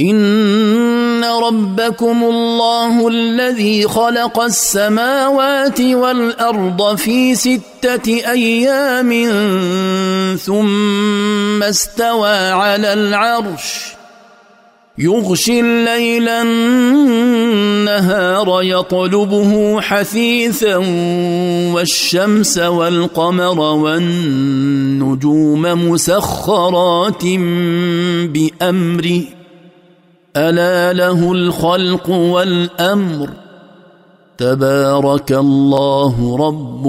ان ربكم الله الذي خلق السماوات والارض في سته ايام ثم استوى على العرش يغشي الليل النهار يطلبه حثيثا والشمس والقمر والنجوم مسخرات بامره الا له الخلق والامر تبارك الله رب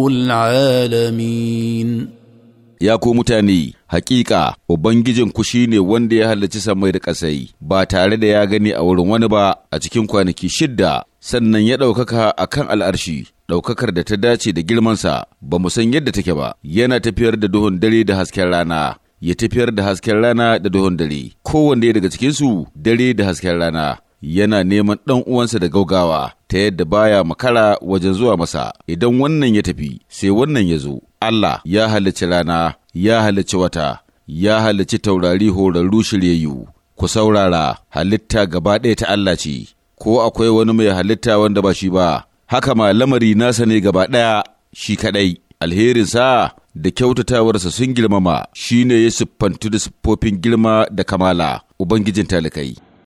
ya ko mutane hakika ubangijinku shine wanda ya halarci samai da ƙasai ba tare da ya gani a wurin wani ba a cikin kwanaki shidda sannan ya ɗaukaka a kan al'arshi ɗaukakar da ta dace da girmansa ba mu san yadda take ba yana tafiyar da duhun dare da hasken rana ya tafiyar da hasken rana da duhun dare kowanne daga cikinsu dare da hasken rana yana neman ɗan uwansa da gaugawa ta yadda baya makara wajen zuwa masa idan wannan ya tafi sai wannan ya zo Allah ya halicci rana ya halicci wata ya halicci taurari horarru shiryayyu ku saurara halitta gaba ɗaya ta Allah ce ko akwai wani mai halitta wanda ba shi ba haka ma lamari nasa ne gaba ɗaya shi kaɗai alherinsa da kyautatawarsa sun girmama shi ne ya siffantu da siffofin girma da kamala Ubangijin talikai.